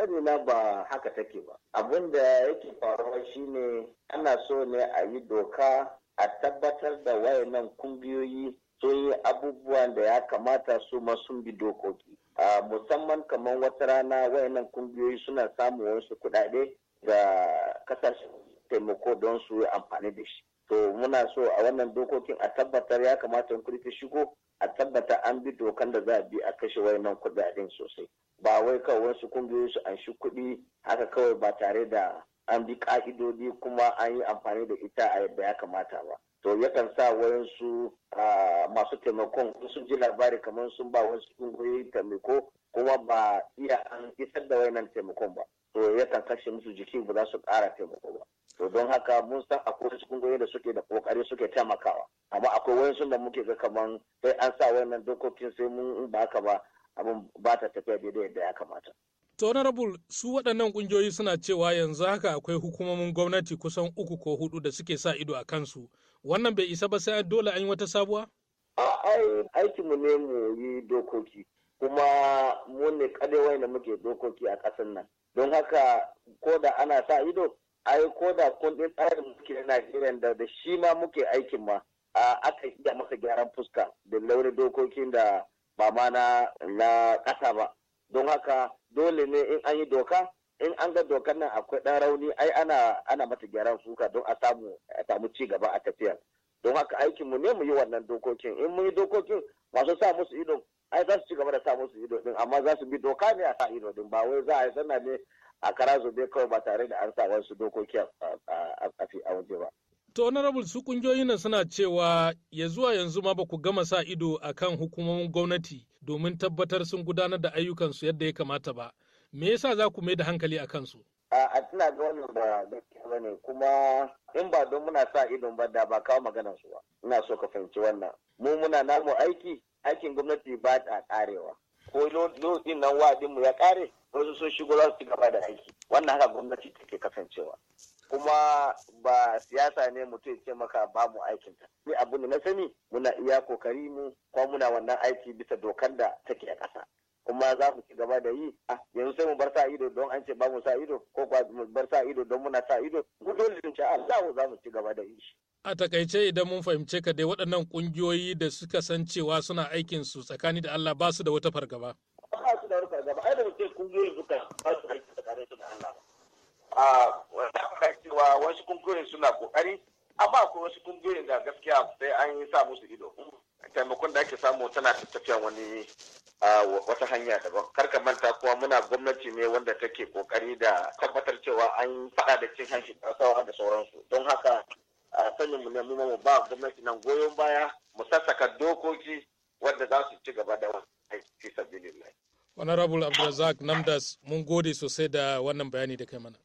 sani ba haka take ba abin da yake faruwa shine ana so ne a yi doka a tabbatar da wayannan kungiyoyi sun yi abubuwan da ya kamata su ma sun bi dokoki musamman kamar wata rana wayannan kungiyoyi suna samun wasu kuɗaɗe ga kasashen taimako don su yi amfani da shi to muna so a wannan dokokin a tabbatar ya kamata in ta shigo a tabbata an bi dokan da za a bi a kashe wayannan kudaden sosai ba wai kawai wasu kungiyoyi su an shi kuɗi haka kawai ba tare da an bi ka'idodi kuma an yi amfani da ita a yadda ya kamata ba to yakan sa wayansu masu taimakon sun ji labari kamar sun ba wasu kungiyoyi taimako kuma ba iya an isar da wayannan taimakon ba to yakan kashe musu jiki ba za su ƙara taimako ba to don haka mun san akwai wasu kungiyoyi da suke da kokari suke taimakawa amma akwai wayansu da muke ga kaman sai an sa wannan dokokin sai mun ba haka ba abin ba ta tafiya daidai yadda ya kamata to honorable su waɗannan kungiyoyi suna cewa yanzu haka akwai hukumomin gwamnati kusan uku ko hudu da suke sa ido a kansu wannan bai isa ba sai dole an yi wata sabuwa ai mu ne mu yi dokoki kuma mu ne kadai da muke dokoki a kasan nan don haka ko da ana sa ido ai ko da kundin tsarin muke na Najeriya da da shi ma muke aikin ma aka iya masa gyaran fuska da launin dokokin da ba ma na na ƙasa ba don haka dole ne in an yi doka in an ga dokar nan akwai ɗan rauni ai ana ana mata gyaran fuska don a samu a samu ci gaba a tafiyar don haka aikin mu ne mu yi wannan dokokin in mun yi dokokin masu sa musu ido ai za su ci gaba da sa musu ido din amma za su bi doka ne a sa ido din ba wai za a yi sana ne a kara zobe kawai ba tare da an sa wasu dokoki a waje ba. To honorable su kungiyoyin na suna cewa ya zuwa yanzu ma ba ku gama sa ido akan hukumomin gwamnati domin tabbatar sun gudanar da ayyukansu yadda ya kamata ba. Me yasa za ku mai da hankali a kansu? A tuna ga wannan ba gaskiya ba ne kuma in ba don muna sa idon ba da ba kawo maganar su ba. Ina so ka fahimci wannan. Mu muna namu aiki aikin gwamnati ba ta karewa. ko lokacin din nan wa'adin mu ya kare wasu sun shigo za su ci gaba da aiki wannan haka gwamnati take kasancewa kuma ba siyasa ne mutum ce maka ba mu aikin ta ni abu ne na sani muna iya kokari mu kuma muna wannan aiki bisa dokar da take a ƙasa kuma za mu ci gaba da yi a ah, yanzu sai mu bar sa ido don an ce ba mu sa ido ko kuwa mu bar sa ido don muna sa ido mu dole in Allah za mu ci gaba da yi a takaice idan mun fahimce ka dai waɗannan ƙungiyoyi da suka san cewa suna aikin su tsakani da Allah ba su da wata fargaba. Ba su da wata fargaba, ai da mutum ƙungiyoyi suka ba su aiki tsakanin su da Allah. A wanda aka cewa wasu ƙungiyoyin suna ƙoƙari, amma akwai wasu ƙungiyoyin da gaskiya sai an yi sa musu ido. Taimakon da ake samu tana tafiya wani wata hanya daban. Kar ka manta kuwa muna gwamnati ne wanda take ƙoƙari da tabbatar cewa an faɗa da cin hanci da sauransu. Don haka a sanin mu na mu ba gwamnati nan goyon baya mu sassaka dokoki wanda za su ci gaba da aiki Wani honorable abdulrazak namdas mun gode sosai da wannan bayani da kai mana